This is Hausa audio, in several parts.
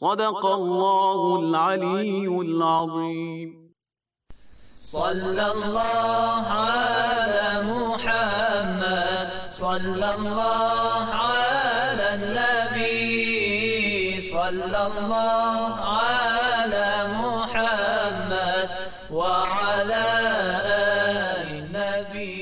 صدق الله العلي العظيم صلى الله على محمد صلى الله على النبي صلى الله على محمد وعلى آل النبي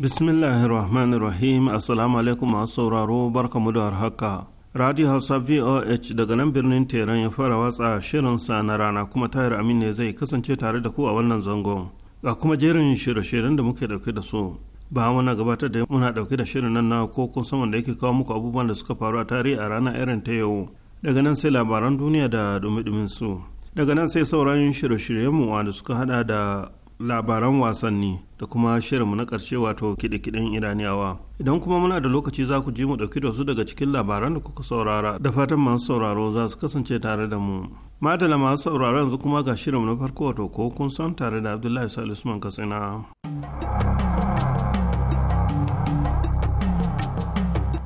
بسم الله الرحمن الرحيم السلام عليكم ورحمة الله وبركاته radio hausa voh daga nan birnin teran ya fara watsa shirinsa na rana kuma tahir amin ne zai kasance tare da ku a wannan zangon ga kuma jerin shirye-shiryen da muke dauke da su ba muna gabatar da muna dauke da shirin nan na kokon saman da yake kawo muku abubuwan da suka faru a tarihi a ranar irin ta yau daga nan sai labaran duniya da dumi-dumin su daga nan sai sauran shirye shiryen mu wanda suka hada da labaran wasanni da kuma shirinmu na ƙarshe wato kiɗe-kiɗen iraniyawa idan kuma muna da lokaci za ku ji mu ɗauki da su daga cikin labaran da kuka saurara da fatan masu sauraro za su kasance tare da mu madala masu sauraro yanzu kuma ga shirinmu na farko wato ko kun san tare da abdullahi salisu usman katsina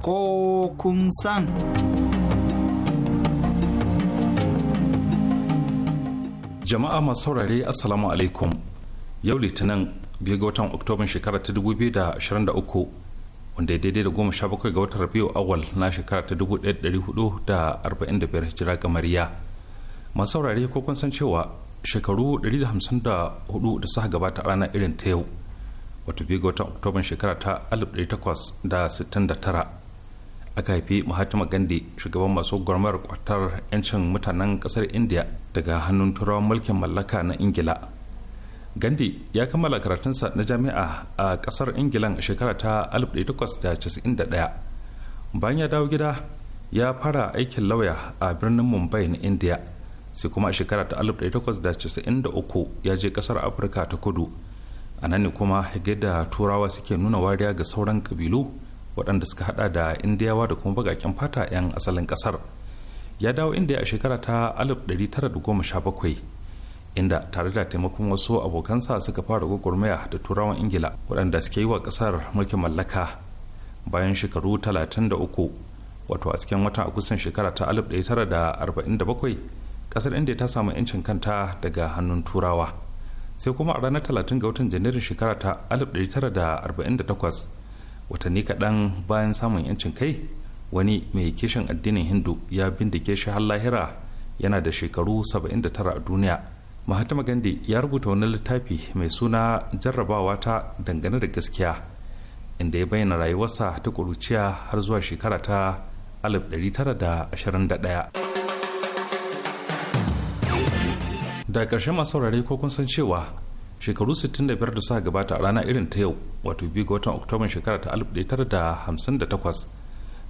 ko kun san jama'a masu saurare assalamu alaikum yau litinin biyu ga watan oktoban shekara ta 2023 wanda ya daidai da goma sha bakwai ga watan rabiu awal na shekara ta 1445 hijira mariya masu saurare ko kun san cewa shekaru 154 da suka gabata a ranar irin ta yau wato biyu ga watan oktoban shekara ta 1869 aka haifi mahatma gandhi shugaban masu gwamnatar kwatar 'yancin mutanen kasar india daga hannun turawan mulkin mallaka na ingila gandi ya kammala karatunsa na jami'a a kasar ingilan a shekara ta 1891 bayan ya dawo gida ya fara aikin lauya a birnin mumbai na india sai kuma a shekara ta 1893 ya je kasar afirka ta kudu a nan ne kuma da turawa suke nuna wariya ga sauran kabilu waɗanda suka hada da indiyawa da kuma bagaken fata 'yan asalin kasar ya dawo indiya a shekara ta 1917 inda tare da taimakon wasu abokansa suka fara gwagwarmaya da turawan ingila waɗanda suke yi wa ƙasar mulkin mallaka bayan shekaru 33 wato a cikin watan agustan shekara ta 1947 ƙasar india ta samu 'yancin kanta daga hannun turawa sai kuma a ranar 30 ga watan janairun shekara ta 1948 watanni kaɗan bayan samun 'yancin kai wani mai kishin addinin hindu ya bindike shi har lahira yana da shekaru 79 a duniya mahatma gandhi ya rubuta wani littafi mai suna jarrabawa ta dangane da gaskiya inda ya bayyana rayuwarsa ta kuruciya har zuwa shekara ta 1921 da ƙarshe masu saurare ko kun san cewa shekaru 65 da suka gabata a rana irin ta yau wato biyu ga watan oktoban shekara ta 1958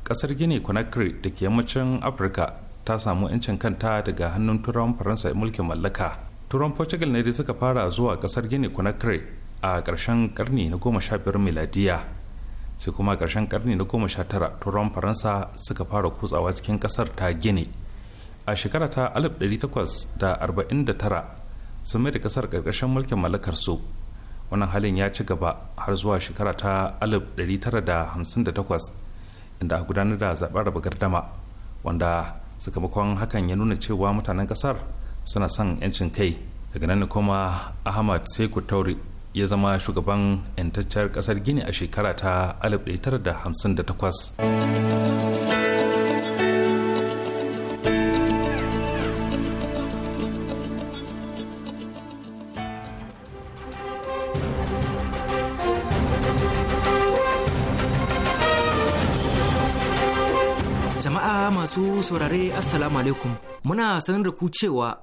ƙasar gini conakry da ke yammacin afirka ta samu 'yancin kanta daga hannun turawan faransa mulkin mallaka turan portugal ne dai suka fara zuwa kasar gini conakry a ƙarshen karni na goma sha biyar miladiya sai kuma a ƙarshen karni na goma sha tara turan faransa suka fara kutsawa cikin ƙasar ta gini a shekara ta 1849 sun mai da ƙasar ƙarƙashin mulkin mallakar su wannan halin ya ci gaba har zuwa shekara ta 1958 inda a gudanar da zaɓen raba gardama wanda sakamakon hakan ya nuna cewa mutanen ƙasar suna son 'yancin kai daga nan kuma ahmad seku tauri ya zama shugaban 'yantacciyar kasar gini a shekara ta 1958 Jama'a masu saurare Assalamu alaikum muna sanar da ku cewa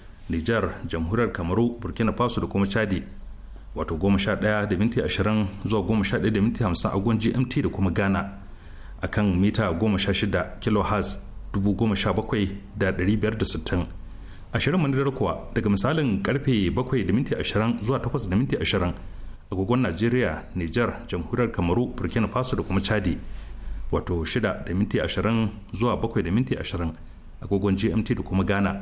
nijar jamhuriyar kamaru burkina faso da kuma chadi wato goma sha ɗaya da minti ashirin zuwa goma sha ɗaya da minti hamsin a agon gmt da kuma ghana a kan mita goma sha shida kilohertz dubu goma sha bakwai da ɗari biyar da sittin ashirin manadar kuwa daga misalin karfe bakwai da minti ashirin zuwa takwas da minti ashirin a agogon najeriya nijar jamhuriyar kamaru burkina faso da kuma chadi wato shida da minti ashirin zuwa bakwai da minti ashirin a agogon gmt da kuma ghana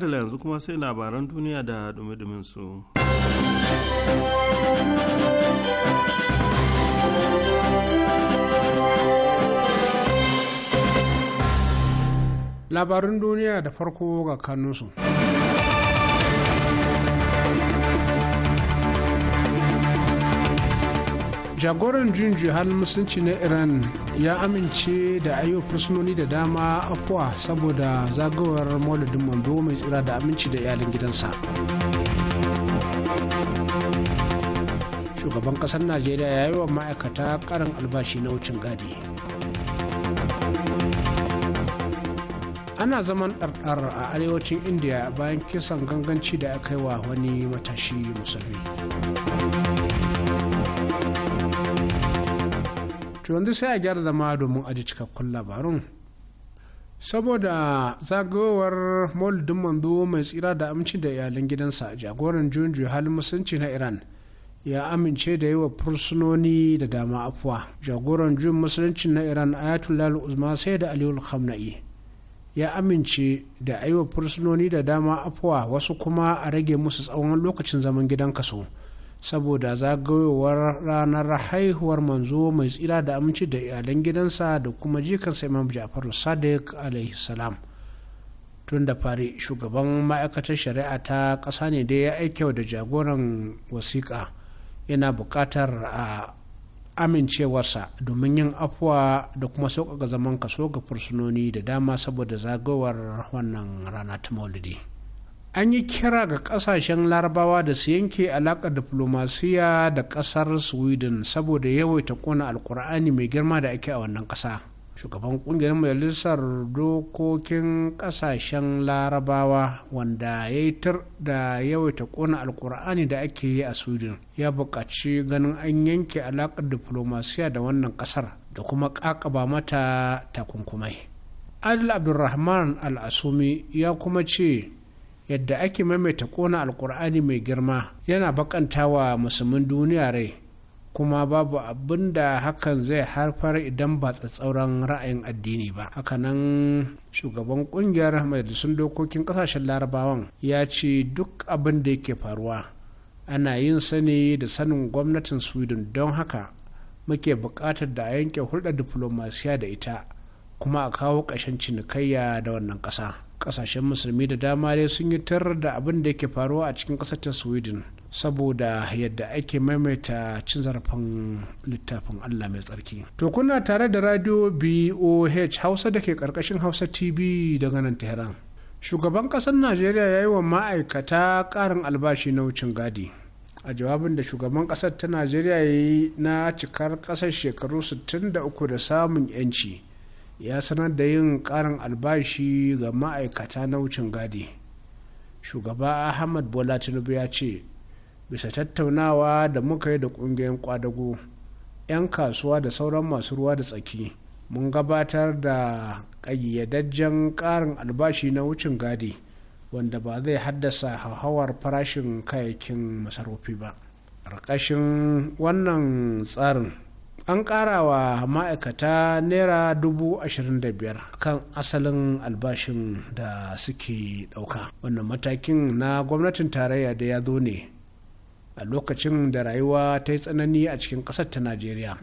madala yanzu kuma sai labaran duniya da dumi su. Labarin duniya da farko ga kanunsu. jagoran junju halin musulunci na iran ya amince da ayyukan fursunoni da dama afuwa saboda zagawar maulidin manzo mai tsira da aminci da iyalin gidansa shugaban kasar najeriya ya yi wa ma'aikata karin albashi na wucin gadi ana zaman ɗarɗar a arewacin indiya bayan kisan ganganci da aka yi wa wani matashi musulmi to yanzu sai a gyara zama domin aji cikakkun labarun saboda zagayowar maulidin manzo mai tsira da amince da iyalan gidansa jagoran juyin halin musulunci na iran ya amince da yi wa fursunoni da dama afuwa jagoran juyin musulunci na iran ayatollah uzma sai da aliyu khamna'i ya amince da aiwa fursunoni da dama afuwa wasu kuma a rage musu tsawon lokacin zaman gidan kaso saboda zagayowar ranar haihuwar manzo mai tsira da aminci da iyalan gidansa da kuma jikansa imam ja'far sadiq alaihi salam tun da fari shugaban ma'aikatar shari'a ta ƙasa ne da ya aike da jagoran wasiƙa yana buƙatar a amincewarsa domin yin afuwa da kuma sauƙaƙa zaman kaso ga fursunoni da dama saboda zagayowar wannan rana ta maulidi. an yi kira ga kasashen larabawa da su yanke alaƙa diplomasiya da ƙasar sweden saboda yawaita kona alkur'ani mai girma da ake a wannan ƙasa shugaban kungiyar majalisar dokokin ƙasashen larabawa wanda ya yi tur da yawaita kona alkur'ani da ake yi a sweden ya buƙaci ganin an yanke alaƙar diplomasiya da wannan ƙasar da kuma ƙaƙaba mata takunkumai adil abdulrahman AlAsumi ya kuma ce yadda ake maimaita kona alkur'ani mai girma yana wa musulmin duniya rai kuma babu abin da hakan zai haifar idan ba tsatsauran ra'ayin addini ba hakanan shugaban kungiyar majalisun dokokin kasashen larabawan ya ce duk abin da yake faruwa ana yin sani da sanin gwamnatin sweden don haka muke buƙatar da a yanke hulɗar diflomasiya da ita kuma a kawo ƙashin cinikayya da wannan ƙasa. kasashen musulmi da dama dai sun yi tarar da abin da yake faruwa a cikin ƙasar ta sweden saboda yadda ake maimaita cin zarafin littafin allah mai tsarki to kuna tare da radio boh hausa da ke ƙarƙashin hausa tv daga nan tehran shugaban ƙasar najeriya ya yi wa ma'aikata ƙarin albashi na wucin gadi a jawabin da shugaban ƙasar ta najeriya ya yi na cikar ƙasar shekaru 63 da samun 'yanci ya sanar da yin karin albashi ga ma'aikata na wucin gadi shugaba ahmad bola tinubu ya ce bisa tattaunawa da muka yi da kungiyar kwadago 'yan kasuwa da sauran masu ruwa da tsaki mun gabatar da ƙayyadajjen ƙarin albashi na wucin gadi wanda ba zai haddasa hauhawar farashin kayayyakin masarufi ba ƙarƙashin wannan tsarin an ƙara wa ma'aikata naira dubu ashirin da biyar kan asalin albashin da suke ɗauka wannan matakin na gwamnatin tarayya da ya zo ne a lokacin da rayuwa ta yi tsanani a cikin ƙasar ta najeriya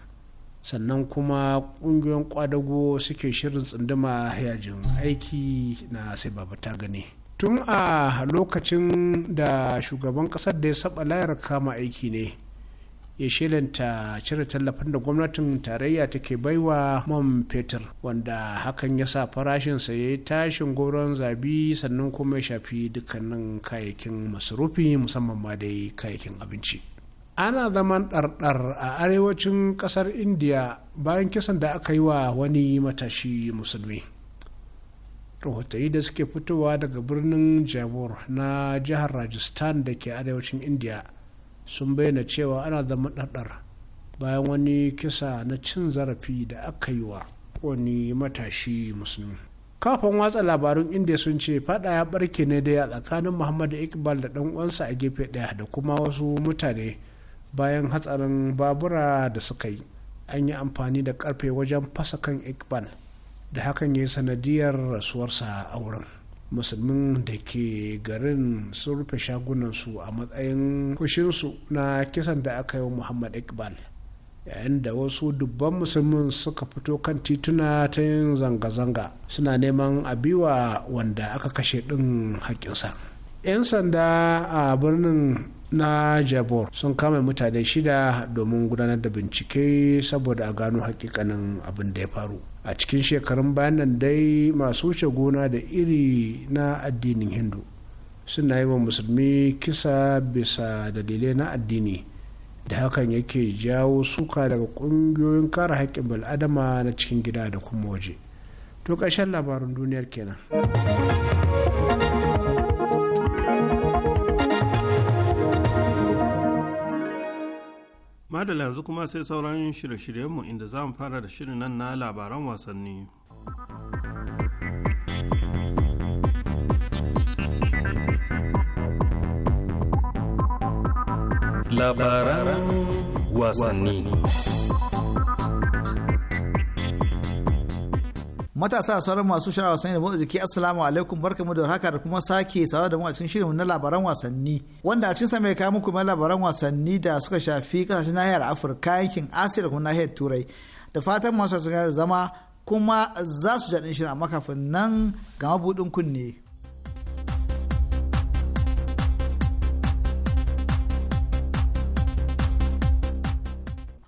sannan kuma ƙungiyoyin ƙwadago suke shirin tsunduma yajin aiki na sai ta gani tun a lokacin da shugaban ƙasar da ya saba layar kama aiki ne ya ta cire tallafin da gwamnatin tarayya take baiwa man fetur wanda hakan ya sa farashinsa ya yi tashin goron zabi sannan kuma ya shafi dukkanin kayayyakin masarufi musamman ma dai kayayyakin abinci ana zaman ɗarɗar a arewacin ƙasar indiya bayan kisan da aka yi wa wani matashi musulmi rahotanni da suke fitowa daga birnin jabur na jihar rajasthan da ke arewacin indiya sun bayyana cewa ana zama ɗaɗɗara bayan wani kisa na cin zarafi da aka yi wa wani matashi musulmi kafin watsa labarun inda sun ce fada ya barke ne dai a tsakanin muhammad iqbal da dan uwansa a gefe daya da kuma wasu mutane bayan hatsarin babura da suka yi an yi amfani da karfe wajen fasa kan iqbal da hakan ya yi sanadiyar rasuwarsa a wurin musulmin da ke garin sun rufe shagunansu a matsayin kushinsu na kisan da aka yi wa muhammad iqbal yayin da wasu dubban musulmin suka fito kan tituna ta yin zanga-zanga suna neman abiwa wanda aka kashe ɗin haƙƙinsa 'yan sanda a birnin na jabor sun kama mutane shida domin gudanar da bincike saboda a gano hakikanin abin da ya faru a cikin shekarun bayan dai masu wuce gona da iri na addinin hindu suna yi wa musulmi kisa bisa dalilai na addini da hakan yake jawo suka daga kungiyoyin kare haƙƙin bal'adama na cikin gida da kuma waje to ƙarshen labarin duniyar kenan. madala yanzu kuma sai sauran shirye-shiryenmu inda za mu fara da shirin nan na labaran wasanni labaran wasanni matasa sauran masu shara wasanni da motsa jiki assalamu alaikum barkamu da haka da kuma sake sawa da mu a cikin shirin na labaran wasanni wanda a cikin sa mai kawo muku mai labaran wasanni da suka shafi kasashen nahiyar afirka yankin asiya da kuma nahiyar turai da fatan masu da zama kuma za su jaɗin shirin amma kafin nan ga mabuɗin kunne.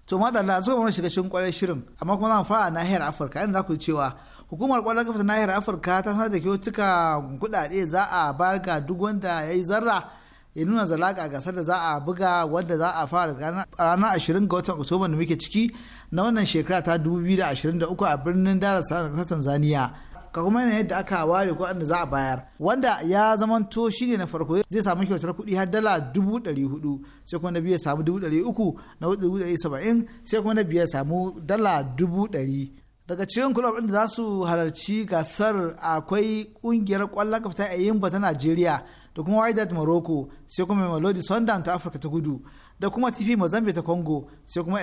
to madalla zuwa wani shiga cikin shirin amma kuma zan fara nahiyar afirka inda za ku cewa hukumar kwallon kafa ta nahiyar afirka ta sanar da kyautuka kudade za a bayar ga duk wanda ya yi zarra ya nuna zalaka gasar da za a buga wanda za a fara ranar 20 ga watan oktoba da muke ciki na wannan shekara ta 2023 a birnin darasa na tanzania ka kuma yana yadda aka ware kuɗin da za a bayar wanda ya zamanto ne na farko zai samu kyautar kuɗi har dala dubu ɗari hudu sai kuma na biyu ya samu dubu ɗari uku na dubu ɗari saba'in sai kuma na biyar samu dala dubu ɗari daga cikin kulob ɗin da za su halarci gasar akwai ƙungiyar ƙwallon kafa a yimba ta Najeriya da kuma Wydad Morocco sai kuma Melody Sundown ta Afirka ta Kudu da kuma tv Mozambique ta Congo sai kuma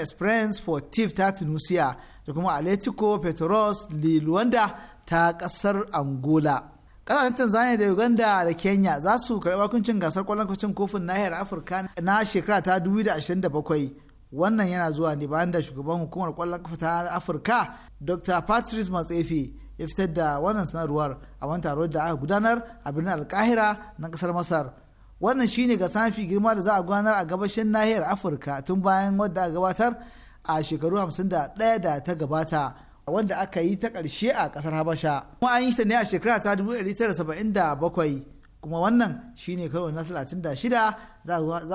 for tif ta Tunisia da kuma Atletico Petros Luanda ta ƙasar Angola. Ƙasashen Tanzania da Uganda da Kenya za su karɓi bakuncin gasar ƙwallon kofin nahiyar Afirka na shekara ta 2027. wannan yana zuwa ne bayan da shugaban hukumar kwallon kafa ta afirka dr patrice Matsefi ya fitar da wannan sanarwar a wani taro da aka gudanar a birnin alkahira na kasar masar wannan shine ga samfi girma da za a gudanar a gabashin nahiyar afirka tun bayan wadda a gabatar a shekaru 51 da ta gabata wanda aka yi ta ƙarshe a ƙasar habasha kuma an yi shi ne a shekara ta 1977 kuma wannan shine karo na 36 za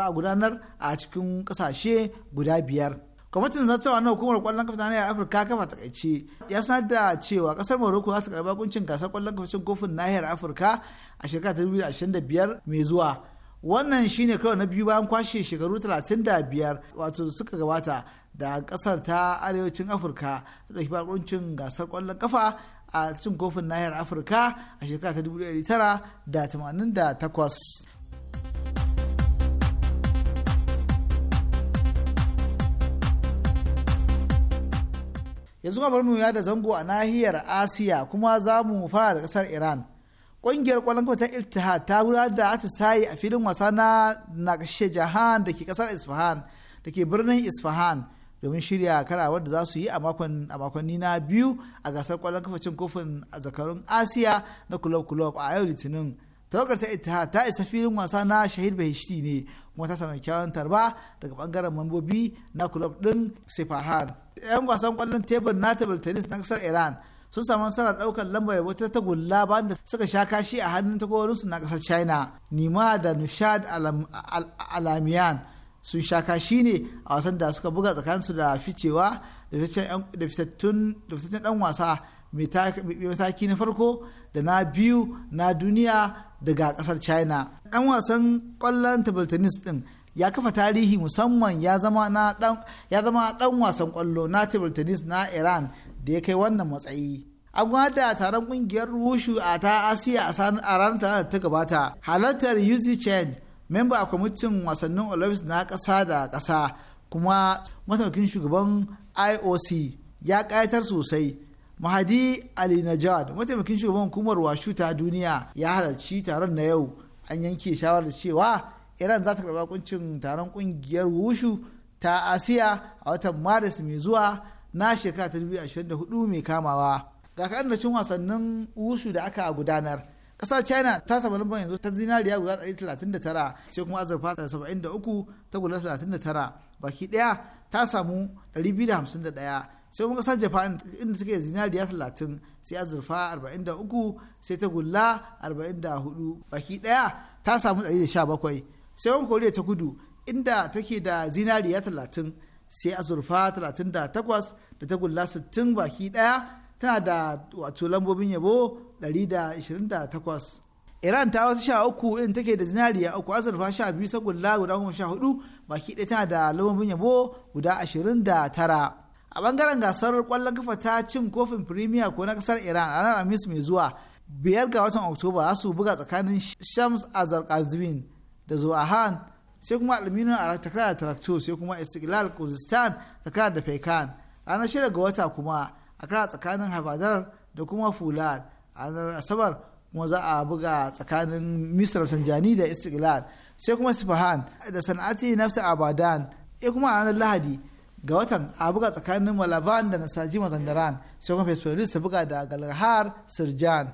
a gudanar a cikin kasashe guda biyar kwamitin zartawa na hukumar kwallon kafa na afirka kafa takaice ya sanar da cewa kasar morocco za su karɓi kuncin gasar kwallon kafa kofin nahiyar afirka a shekara 2025 mai zuwa wannan shine kawai na biyu bayan kwashe shekaru 35 wato suka gabata da kasar ta arewacin afirka ta ɗauki bakuncin gasar kwallon kafa a cin kofin nahiyar afirka a shekara ta 1988 yanzu bar mu da zango a nahiyar asiya kuma za mu fara da kasar iran ƙungiyar ƙwallon ta iltihad ta gudanar da atisayi a filin wasa na nakashe jahan da ke kasar isfahan da ke birnin isfahan domin shirya karawar da za su yi a makonni na biyu a gasar kwallon kafa cin kofin a zakarun asiya na kulob kulob a yau litinin tawagar ta ita ta isa filin wasa na shahid bahishti ne kuma ta sami kyawun tarba daga bangaren mambobi na kulob din sifahan yan wasan kwallon tebur na table tennis na kasar iran sun samu nasarar daukar lambar wata tagulla bayan da suka sha kashi a hannun takwarorinsu na kasar china nima da nushad alamiyan sun shaka shi ne a wasan da suka buga tsakaninsu da ficewa da fitattun dan wasa mai mataki na farko da na biyu na duniya daga kasar china dan wasan kwallon table tennis din ya kafa tarihi musamman ya zama dan wasan kwallo na table tennis na iran da ya kai wannan matsayi an gwada taron kungiyar rushu a ta asiya a ranar ta gabata halartar yuzi chen memba a kwamitin wasannin olympics na ƙasa da ƙasa kuma mataimakin shugaban ioc ya ƙayatar sosai mahadi ali najad mataimakin shugaban hukumar washu ta duniya ya halarci taron na yau an yanke shawarar cewa iran za ta karɓa kuncin taron ƙungiyar wushu ta asiya a watan maris mai zuwa na shekara ta 2024 mai kamawa ga kaɗan da cin wasannin wushu da aka gudanar kasa china ta samu lambar yanzu ta zinariya guda 139 sai kuma azurfa 73 ta guda 39 baki daya ta samu 251 sai kuma kasar japan inda take zinariya 30 sai azurfa 43 sai ta gulla 44 baki daya ta samu 117 sai kuma koriya ta kudu inda take da zinariya 30 sai azurfa 38 da ta gulla 60 baki daya tana da wato lambobin yabo 128 iran ta wasu sha uku in take da zinariya uku azurfa sha biyu sagulla guda kuma sha hudu baki ɗaya tana da lamarin yabo guda ashirin da a bangaren gasar kwallon kafa ta cin kofin firimiya ko na kasar iran a ranar alhamis mai zuwa biyar ga watan oktoba za su buga tsakanin shams kazwin da zuwahan sai kuma alminu a takara da tarakto sai kuma istiklal kuzistan takara da fekan ranar shida ga wata kuma a kara tsakanin habadar da kuma fulad a ranar asabar kuma za a buga tsakanin misra tanjani da istiklal sai kuma sifahan da sana'ati nafta abadan ya kuma a ranar lahadi ga watan a buga tsakanin malaban da nasaji mazandaran sai kuma fesfori su buga da galahar sirjan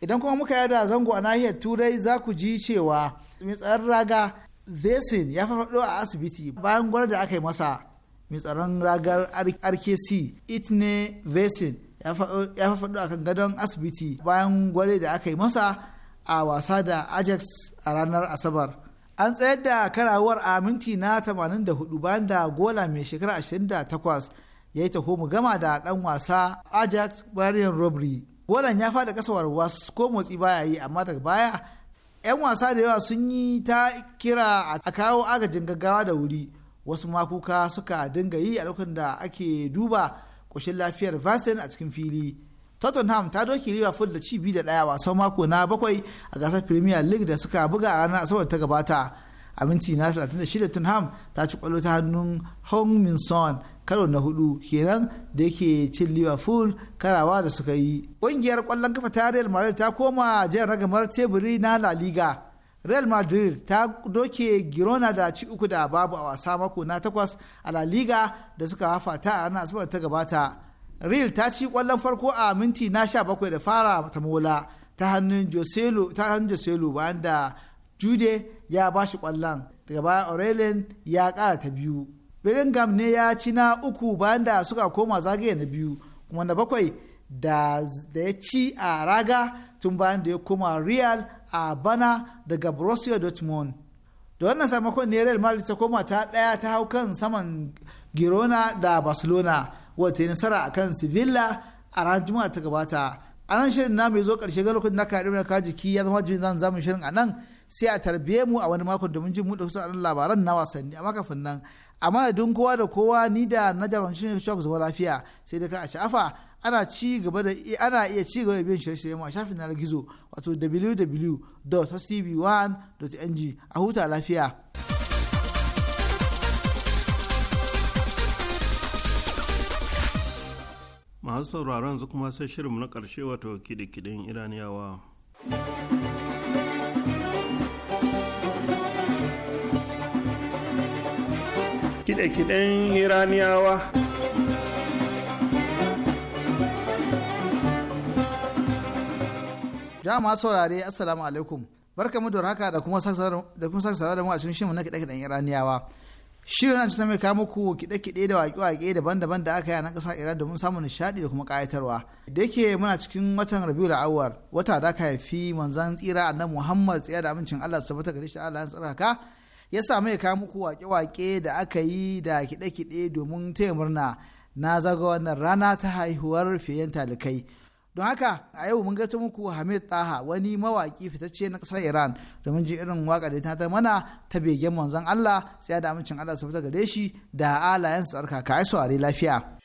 idan kuma muka yada zango a nahiyar turai za ku ji cewa mai tsarraga raga zesin ya faɗo a asibiti bayan gwar da aka yi masa mai tsaron ragar rkc itne vesin ya faɗo a kan gadon asibiti bayan gware da aka yi masa a wasa da ajax a ranar asabar an tsayar da karawar a minti na 84 bayan da gola mai shekara 28 ya yi taho mu gama da ɗan wasa ajax bayan robbery golan ya fada kasawar was ko motsi baya yi amma daga baya 'yan wasa da yawa sun yi ta kira a kawo agajin gaggawa da wuri wasu makuka suka dinga yi a lokacin da ake duba ƙoshin lafiyar vaccine a cikin fili tottenham ta doki liverpool da cibi da ɗaya wasan mako na bakwai a gasar premier league da suka buga a ranar asabar ta gabata a minti na 36 tottenham ta ci kwallo ta hannun hong min karo na hudu kenan da yake cin liverpool karawa da suka yi ƙungiyar kwallon kafa ta real madrid ta koma jan ragamar teburi na la liga real madrid ta doke girona da ci uku da babu a wasa mako na takwas a la liga da suka hafa ta a ranar asabar ta gabata real ta ci kwallon farko a minti na sha bakwai da fara ta mola ta hannun joselu ta hannun bayan da jude ya bashi kwallon daga baya aurelien ya kara ta biyu Bellingham ne ya ci na uku bayan da suka koma zagaye na biyu kuma na bakwai da ya ci a raga tun bayan da ya koma Real a bana daga Borussia Dortmund. Da wannan samakon ne Real Madrid ta koma ta daya ta hau kan saman Girona da Barcelona wata yi nasara a kan Sevilla a ranar Juma'a ta gabata. A nan shirin na mai zo karshe ga lokacin na kaɗi na jiki ya zama jirgin zan zamu shirin a nan sai a tarbiye mu a wani makon domin jin mu da kusa labaran na wasanni a makafin nan. a madadin kowa da kowa ni da na ne shafin zama lafiya sai da ka a sha'afa ana ci gaba da ana iya ci gaba da bin shirye-shirye a shafin na gizo wato www.hcb1.ng a huta lafiya. masu sauraron yanzu kuma sai shirinmu na ƙarshe wato kiɗe-kiɗen iraniyawa. kide-kiden iraniyawa jama'a saurare assalamu alaikum barka mu da haka da kuma saka da mu a cikin shirin na kide-kiden iraniyawa shirin nan ta mai kawo muku kiɗe-kiɗe da waƙe-waƙe daban-daban da aka yi a nan ƙasar iran domin samun nishaɗi da kuma ƙayatarwa da yake muna cikin watan rabiul awwal wata da aka haifi manzan tsira annabi muhammad tsaya da amincin allah su tabbata gare shi allah ya tsarkaka ya samu ya kawo muku wake-wake da aka yi da kiɗe-kiɗe domin taya murna na zaga wannan rana ta haihuwar fiyen talikai don haka a yau mun gato muku hamid taha wani mawaki fitacce na ƙasar iran domin ji irin waka da ta mana ta begen manzon allah sai da amincin allah su fita gare shi da alayen tsarkaka ai saurari lafiya.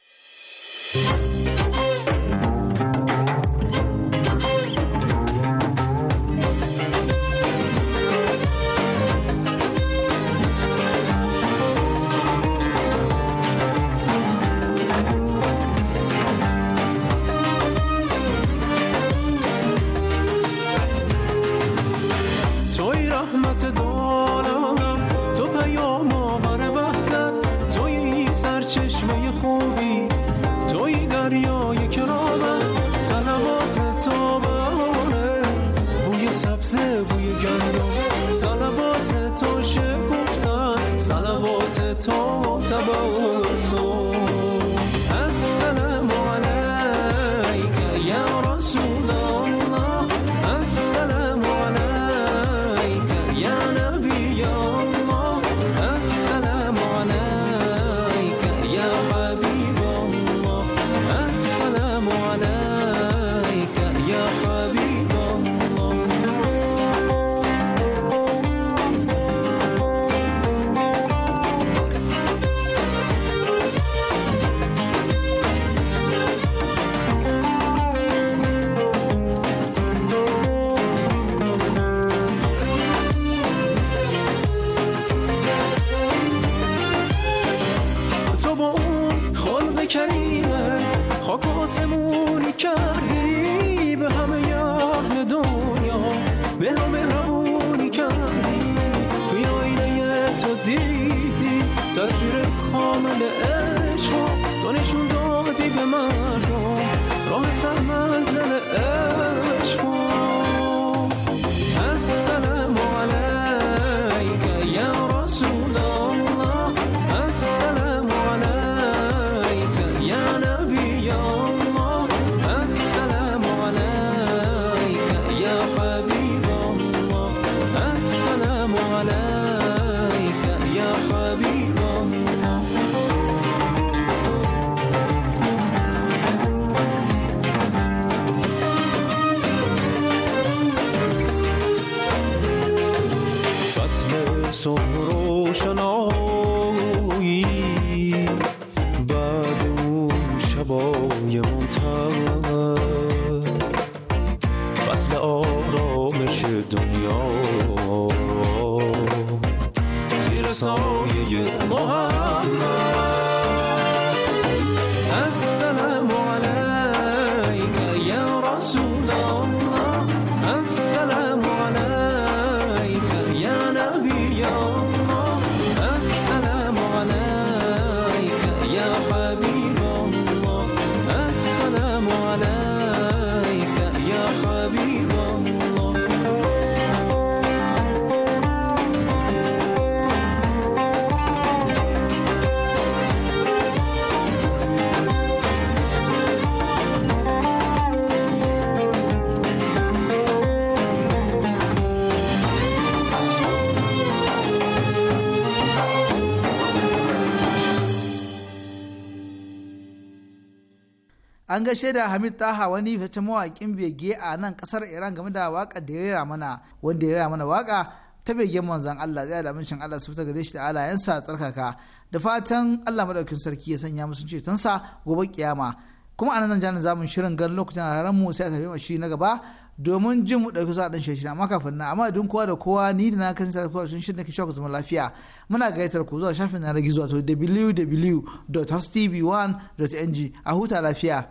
an gaishe da hamid taha wani fitaccen mawakin bege a nan kasar iran game da waka da ya mana wanda ya mana waka ta bege manzan allah zai da shan allah su fita gare shi da alayensa tsarkaka da fatan allah madaukin sarki ya sanya musu cetonsa gobe kiyama kuma a nan jani zamun shirin gan lokacin a mu sai a tafi mashi na gaba domin jin mu ɗauki zuwa ɗan shirin amma kafin na amma don kowa da kowa ni da na kan sa kowa sun shirin da kishiyar ku zama lafiya muna gaitar ku zuwa shafin na ragi zuwa to www.hostv1.ng a huta lafiya.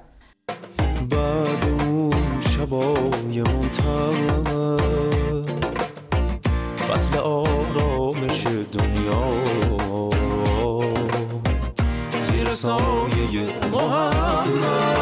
بعد اون شبای منتر فصل آرامش دنیا زیر سایه محمد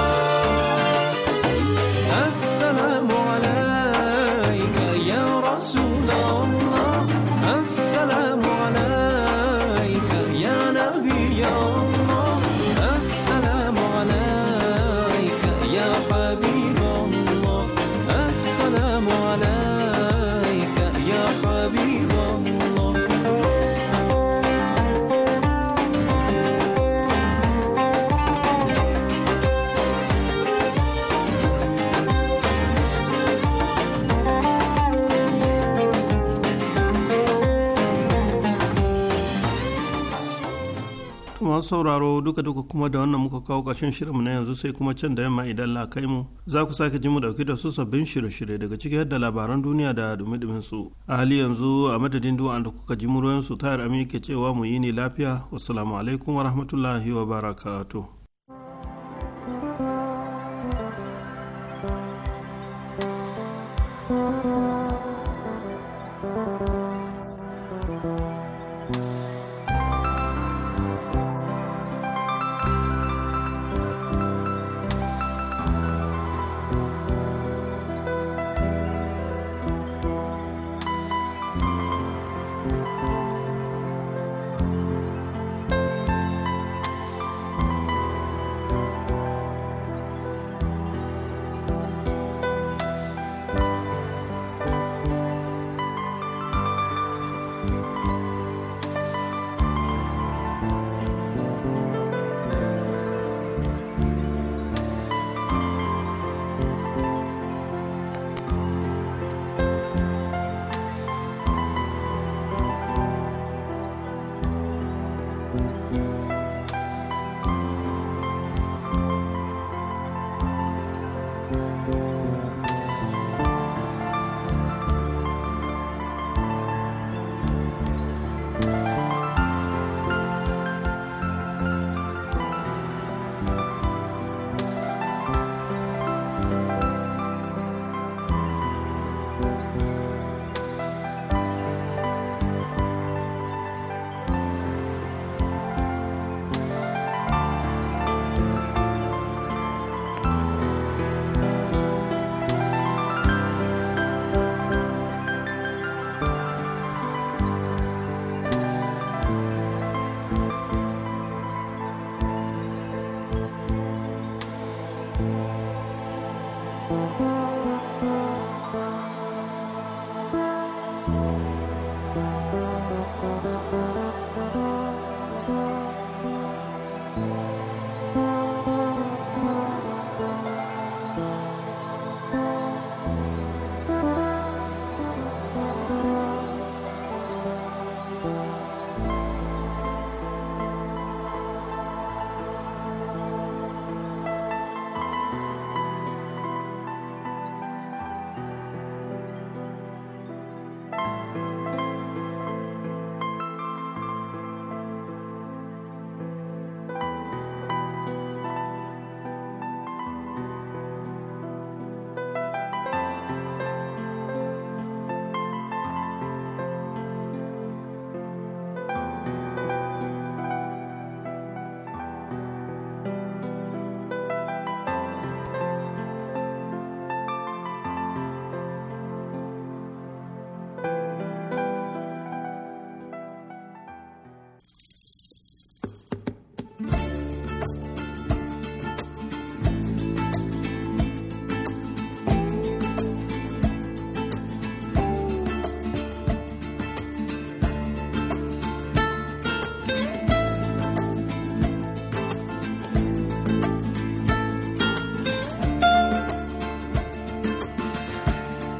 masu sauraro duka duka kuma da wannan muka kawo ƙarshen shirinmu na yanzu sai kuma can da yamma idan la kai mu za ku sake ji mu dauki da su sabbin shirye-shirye daga ciki da labaran duniya da dumi-dumin su a hali yanzu a madadin duwa da kuka ji ruwan su tayar amin ke cewa mu yi ni lafiya wassalamu alaikum wa rahmatullahi wa barakatuh